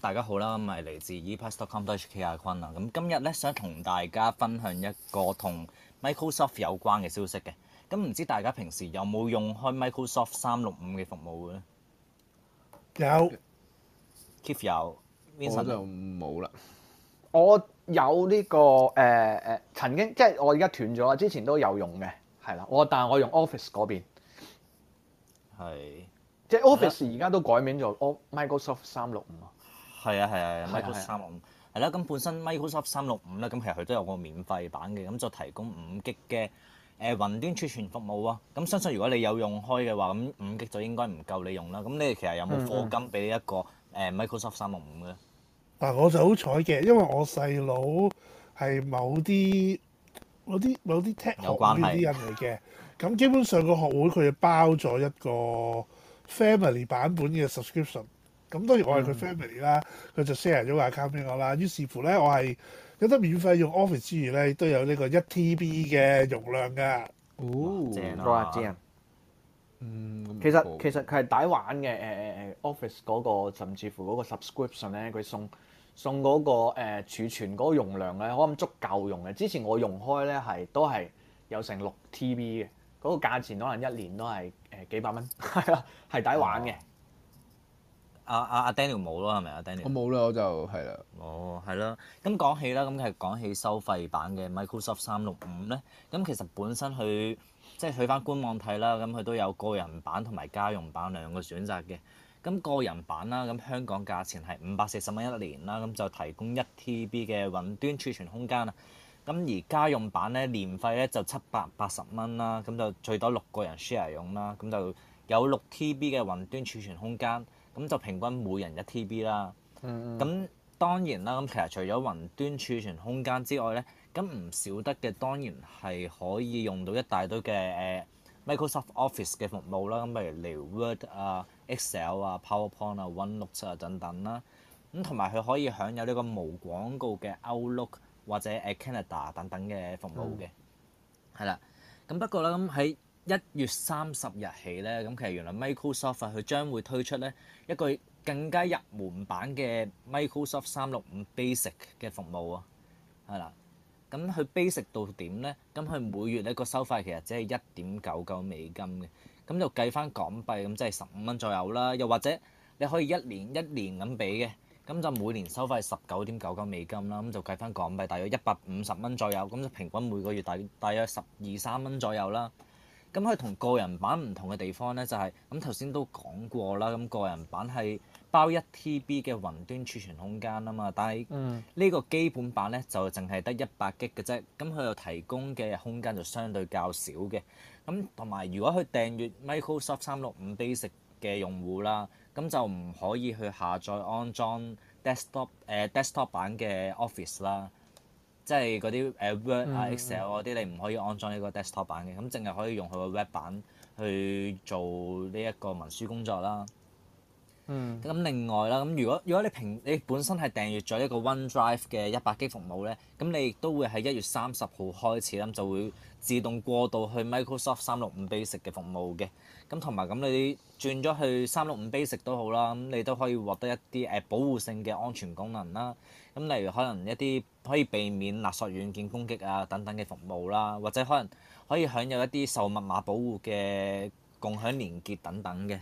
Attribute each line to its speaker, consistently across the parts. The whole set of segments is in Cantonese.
Speaker 1: 大家好啦，我係嚟自 eplus.com.hk 阿坤啊，咁今日咧想同大家分享一個同 Microsoft 有關嘅消息嘅。咁唔知大家平時有冇用開 Microsoft 三六五嘅服務咧？有，keep 有，Vincent？我就冇啦。
Speaker 2: 我有呢、這個誒誒、呃，曾經即係我而家斷咗啦。之前都有用嘅，係啦。我但係我用 Office 嗰邊。係，即係 Office 而家都改名咗 Microsoft 三六五
Speaker 1: 啊。係啊係啊 Microsoft 三六五係啦。咁的的本身 Microsoft 三六五咧，咁其實佢都有個免費版嘅，咁就提供五 G 嘅誒雲端儲存服務啊。咁相信如果你有用開嘅話，咁五 G 就應該唔夠你用啦。咁你其實有冇課金俾你一個誒、嗯嗯呃、Microsoft 三六五咧？
Speaker 3: 嗱、啊，我就好彩嘅，因為我細佬係某啲某啲某啲 Tech 行業啲人嚟嘅。咁基本上個學會佢包咗一個 family 版本嘅 subscription，咁當然我係佢 family 啦，佢、嗯、就 share 咗個 account 俾我啦。於是乎咧，我係有得免費用 Office 之餘咧，都有呢個一 TB 嘅容量噶。哦，正啊，正。嗯，其實好其
Speaker 2: 實佢係抵玩嘅。誒誒誒，Office 嗰、那個嗰個甚至乎嗰個 subscription 咧，佢送送、嗰、嗰個誒、呃、儲存嗰個容量咧，我諗足夠用嘅。之前我用開咧係都係有成六 TB 嘅。嗰個價錢可能一年都係誒幾百蚊，係 啦，係抵玩嘅。
Speaker 1: 阿阿阿 Daniel 冇咯，係咪啊 Daniel？我冇啦，我就係啦。哦，係啦。咁講起啦，咁其實講起收費版嘅 Microsoft 三六五咧，咁其實本身佢即係去返官網睇啦，咁佢都有個人版同埋家用版兩個選擇嘅。咁個人版啦，咁香港價錢係五百四十蚊一年啦，咁就提供一 TB 嘅雲端儲存空間啊。咁而家用版咧，年費咧就七百八十蚊啦，咁就最多六個人 share 用啦，咁就有六 TB 嘅雲端儲存空間，咁就平均每人一 TB 啦。咁、嗯嗯、當然啦，咁其實除咗雲端儲存空間之外咧，咁唔少得嘅當然係可以用到一大堆嘅誒、uh, Microsoft Office 嘅服務啦，咁譬如嚟 Word 啊、uh,、Excel 啊、PowerPoint 啊、uh,、OneNote 啊、uh, 等等啦。咁同埋佢可以享有呢個無廣告嘅 Outlook。或者誒 Canada 等等嘅服務嘅，係啦、嗯。咁不過咧，咁喺一月三十日起咧，咁其實原來 Microsoft 佢、啊、將會推出咧一個更加入門版嘅 Microsoft 三六五 Basic 嘅服務啊。係啦。咁佢 Basic 到點咧？咁佢每月咧個收費其實只係一點九九美金嘅，咁就計翻港幣咁即係十五蚊左右啦。又或者你可以一年一年咁俾嘅。咁就每年收費十九點九九美金啦，咁就計翻港幣大約一百五十蚊左右，咁就平均每個月大約大約十二三蚊左右啦。咁佢同個人版唔同嘅地方咧，就係咁頭先都講過啦，咁、那個人版係包一 TB 嘅雲端儲存空間啊嘛，但係呢個基本版咧就淨係得一百 G 嘅啫，咁佢有提供嘅空間就相對較少嘅。咁同埋如果佢訂閱 Microsoft 三六五 Basic 嘅用戶啦。咁就唔可以去下載安裝 desktop 誒、呃、desktop 版嘅 Office 啦，即係嗰啲誒 Word 啊 Excel 嗰啲，嗯、你唔可以安裝呢個 desktop 版嘅，咁淨係可以用佢個 web 版去做呢一個文書工作啦。嗯，咁另外啦，咁如果如果你平你本身係訂閲咗一個 OneDrive 嘅一百 G 服務咧，咁你都會喺一月三十號開始啦，就會自動過渡去 Microsoft 三六五 Basic 嘅服務嘅。咁同埋咁你轉咗去三六五 Basic 都好啦，咁你都可以獲得一啲誒保護性嘅安全功能啦。咁例如可能一啲可以避免勒索軟件攻擊啊等等嘅服務啦，或者可能可以享有一啲受密碼保護嘅共享連結等等嘅。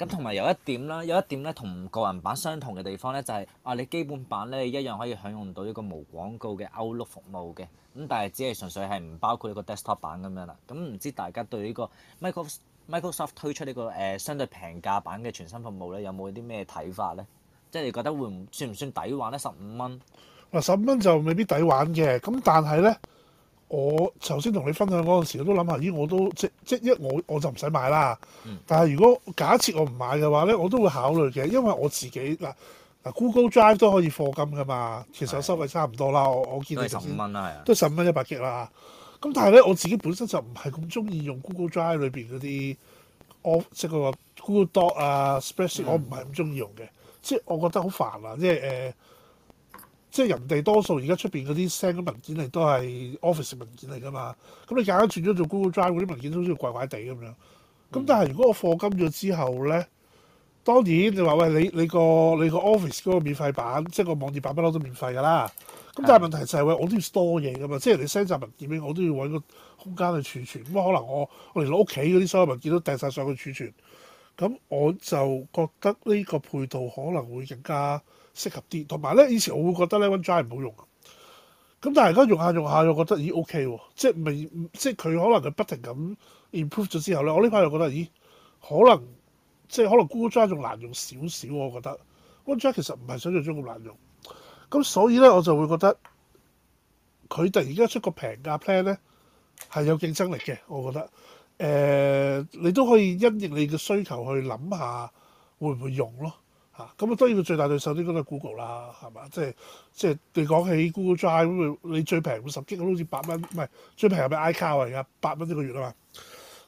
Speaker 1: 咁同埋有一點啦，有一點咧同個人版相同嘅地方咧，就是，就係啊，你基本版咧一樣可以享用到一個無廣告嘅 Outlook 服務嘅。咁但係只係純粹係唔包括呢個 desktop 版咁樣啦。咁、嗯、唔知大家對呢個 Microsoft Microsoft 推出呢、呢個誒、呃、相對平價版嘅全新服務咧，有冇啲咩睇法咧？即係你覺得會唔算唔算抵玩咧？十五蚊
Speaker 3: 嗱，十五蚊就未必抵玩嘅。咁但係咧。我頭先同你分享嗰陣時，我都諗下，咦，我都即即一我我就唔使買啦。嗯、但係如果假設我唔買嘅話呢，我都會考慮嘅，因為我自己嗱嗱、啊、Google Drive 都可以貨金噶嘛，其實收費差唔多啦。是我我見你十五蚊都十五蚊一百 G 啦。咁、啊嗯、但係呢，我自己本身就唔係咁中意用 Google Drive 裏邊嗰啲，我、啊、即係、就、話、是、Google Doc 啊 et, s p e a d s h 我唔係咁中意用嘅，即係我覺得好煩啊，即係誒。呃即係人哋多數而家出邊嗰啲 send 嘅文件嚟都係 office 文件嚟㗎嘛，咁你隔硬轉咗做 Google Drive 嗰啲文件都好似怪怪地咁樣。咁但係如果我課金咗之後咧，當然你話喂你你個你個 office 嗰個免費版即係個網頁版不嬲都免費㗎啦。咁但係問題就係、是、喂我都要 store 嘢㗎嘛，即係你 send 集文件俾我都要揾個空間去儲存。咁可能我我連屋企嗰啲所有文件都掟晒上去儲存。咁我就覺得呢個配套可能會更加適合啲，同埋呢以前我會覺得呢 OneDrive 唔好用，咁但係而家用下用下又覺得咦 OK 喎，即係未即係佢可能佢不停咁 improve 咗之後呢，我呢排又覺得咦可能即係可能 Google Drive 仲難用少少，我覺得 OneDrive 其實唔係想像中咁難用，咁所以呢，我就會覺得佢突然間出個平價 plan 呢，係有競爭力嘅，我覺得。誒、呃，你都可以因應你嘅需求去諗下會唔會用咯嚇。咁啊，當然佢最大對手都係 Google 啦，係嘛？即係即係你講起 Google Drive 你最平五十 G 好似八蚊，唔係最平係咪 iCloud 而家八蚊一個月啊嘛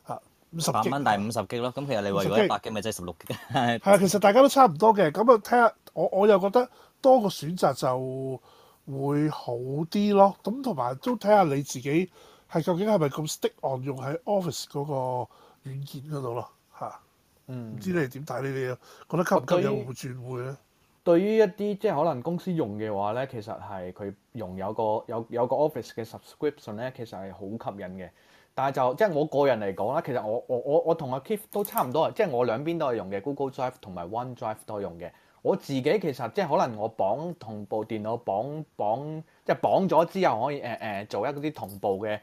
Speaker 3: 嚇，五十蚊 G 大五十 G 咯。咁其
Speaker 1: 實你為咗一百 G 咪即係十六 G？係啊， 其
Speaker 3: 實大家都差唔多嘅。咁啊，睇下我我又覺得多個選擇就會好啲咯。咁同埋都睇下你自己。係究竟係咪咁 stick on 用喺 office 嗰個軟件嗰度咯嚇？唔、啊嗯、知你點睇？你哋覺得吸唔吸引會唔會轉會咧？
Speaker 2: 對於一啲即係可能公司用嘅話咧，其實係佢用有個有有個 office 嘅 subscription 咧，其實係好吸引嘅。但係就即係我個人嚟講啦，其實我我我我同阿 Kif 都差唔多啊。即係我兩邊都係用嘅 Google Drive 同埋 One Drive 都係用嘅。我自己其實即係可能我綁同步電腦綁綁即係綁咗之後可以誒誒、呃呃、做一啲同步嘅。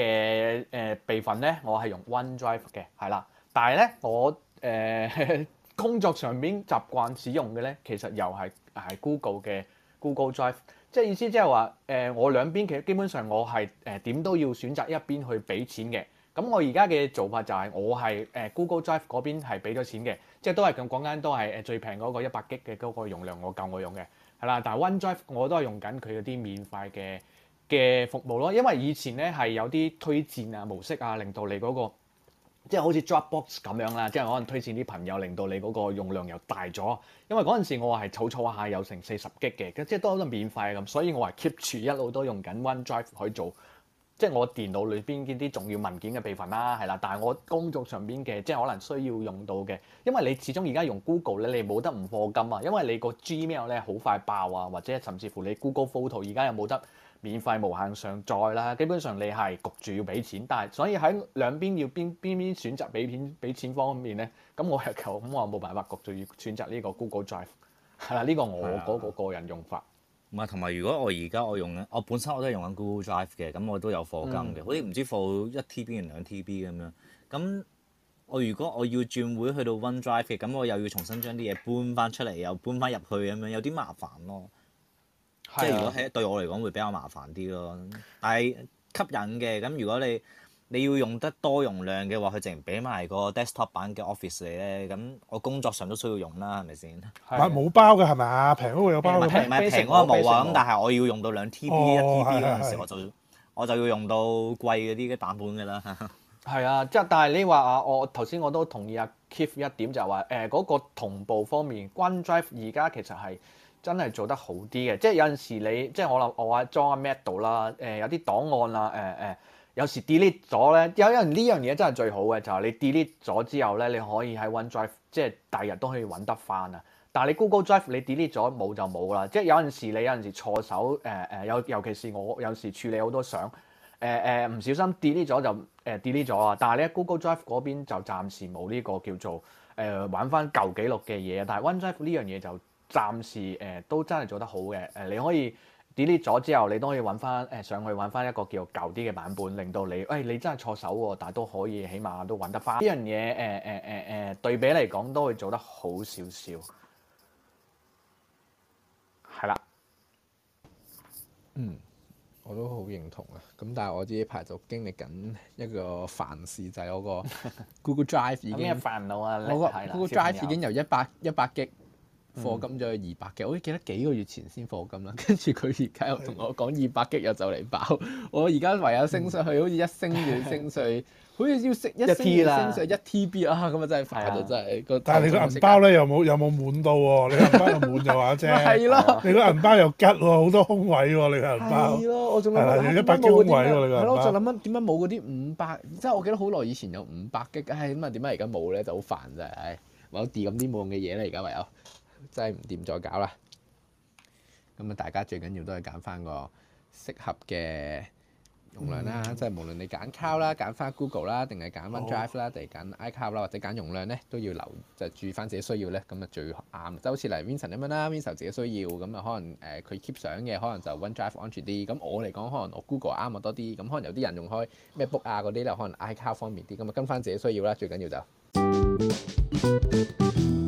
Speaker 2: 嘅誒備份咧，我係用 OneDrive 嘅，係啦。但係咧，我誒、呃、工作上面習慣使用嘅咧，其實又係係 Google 嘅 Google Drive。即係意思即係話誒，我兩邊其實基本上我係誒點都要選擇一邊去俾錢嘅。咁我而家嘅做法就係、是、我係誒、呃、Google Drive 嗰邊係俾咗錢嘅，即係都係咁講緊都係誒最平嗰個一百 G 嘅嗰個容量，我夠我用嘅，係啦。但係 OneDrive 我都係用緊佢嗰啲免費嘅。嘅服務咯，因為以前咧係有啲推薦啊模式啊，令到你嗰、嗰個即係好似 Dropbox 咁樣啦，即係、啊、可能推薦啲朋友，令到你嗰個用量又大咗。因為嗰陣時我係儲儲下有成四十 G 嘅，即係都係免費咁，所以我係 keep 住一路都用緊 OneDrive 去做。即係我電腦裏邊啲啲重要文件嘅備份啦，係啦，但係我工作上邊嘅即係可能需要用到嘅，因為你始終而家用 Google 咧，你冇得唔課金啊，因為你個 Gmail 咧好快爆啊，或者甚至乎你 Google Photo 而家又冇得免費無限上載啦，基本上你係焗住要俾錢，但係所以喺兩邊要邊邊邊選擇俾錢俾錢方面咧，咁我又咁我冇辦法焗住要選擇呢個 Google Drive，係啦，呢、這個我嗰個，個個人用法。
Speaker 1: 唔係，同埋如果我而家我用緊，我本身我都係用緊 Google Drive 嘅，咁我都有課金嘅，嗯、好似唔知課一 TB 定兩 TB 咁樣。咁我如果我要轉會去到 OneDrive 嘅，咁我又要重新將啲嘢搬翻出嚟，又搬翻入去咁樣，有啲麻煩咯。即係如果係對我嚟講會比較麻煩啲咯。但係吸引嘅，咁如果你。你要用得多容量嘅話，佢直情俾埋個 desktop 版嘅 office 嚟咧。咁我工作上都需要用啦，係咪先？唔係冇
Speaker 3: 包嘅係咪啊？平都有包，平唔係平，嗰個冇啊。咁但
Speaker 1: 係我要用到兩 TB、一 TB 嗰陣時，我就我就要用到貴嗰啲嘅版本嘅啦。
Speaker 2: 係啊，即係但係你話啊，我頭先我都同意啊，Keith 一點就係話誒嗰個同步方面，OneDrive 而家其實係真係做得好啲嘅。即係有陣時你即係可能我喺裝啊 Mac 度啦，誒有啲檔案啦，誒誒。有時 delete 咗咧，有有呢樣嘢真係最好嘅，就係、是、你 delete 咗之後咧、呃呃呃呃呃呃呃，你可以喺 OneDrive 即係第日都可以揾得翻啊。但係你 Google Drive 你 delete 咗冇就冇啦，即係有陣時你有陣時錯手誒誒，尤尤其是我有時處理好多相誒誒，唔小心 delete 咗就誒 delete 咗啊。但係你喺 Google Drive 嗰邊就暫時冇呢個叫做誒揾翻舊記錄嘅嘢。但係 OneDrive 呢樣嘢就暫時誒都真係做得好嘅誒，你可以，delete 咗之後，你都可以揾翻誒上去揾翻一個叫舊啲嘅版本，令到你，誒、哎、你真係錯手喎，但係都可以，起碼都揾得翻呢樣嘢。誒誒誒誒，對比嚟講，都會做得好少少。
Speaker 4: 係啦，嗯，我都好認同啊。咁但係我呢一排就經歷緊一個煩事，就係、是、嗰個 Google Drive 已經 有咩煩惱啊？嗰個好的 Google Drive 已經由一百一百 G。課金咗去二百幾，我記得幾個月前先課金啦，跟住佢而家又同我講二百激又就嚟爆，我而家唯有升上去，好似一升月升上去， 好似要升一升月升上一 T B 啊，咁啊真係煩到真係。但係你個銀包
Speaker 3: 咧又冇又冇滿到喎，你銀包又滿就話啫，你個銀包又吉喎，好多空位喎，你個銀包。係咯，我一百激，就諗
Speaker 4: 緊點解冇嗰啲五百，即係我記得好耐以前有五百激，唉咁啊點解而家冇咧？就好煩真係，唉、哎，冇 delete 咁啲冇用嘅嘢咧，而家唯有。真係唔掂再搞啦，咁啊大家最緊要都係揀翻個適合嘅容量啦。嗯、即係無論你揀卡啦、揀翻 Google 啦，定係揀 OneDrive 啦，定係揀好 iCloud 啦，或者揀容量咧，都要留就是、注意翻自己需要咧。咁啊最啱，就好似嚟 Vincent 咁樣啦。 Vincent 自己需要，咁啊可能誒佢、呃、keep 相嘅，可能就 OneDrive 安全啲。咁我嚟講，可能我 Google 啱我多啲。咁可能有啲人用開咩 Book 啊嗰啲咧，可能 iCloud 方便啲。咁啊跟翻自己需要啦，最緊要就是。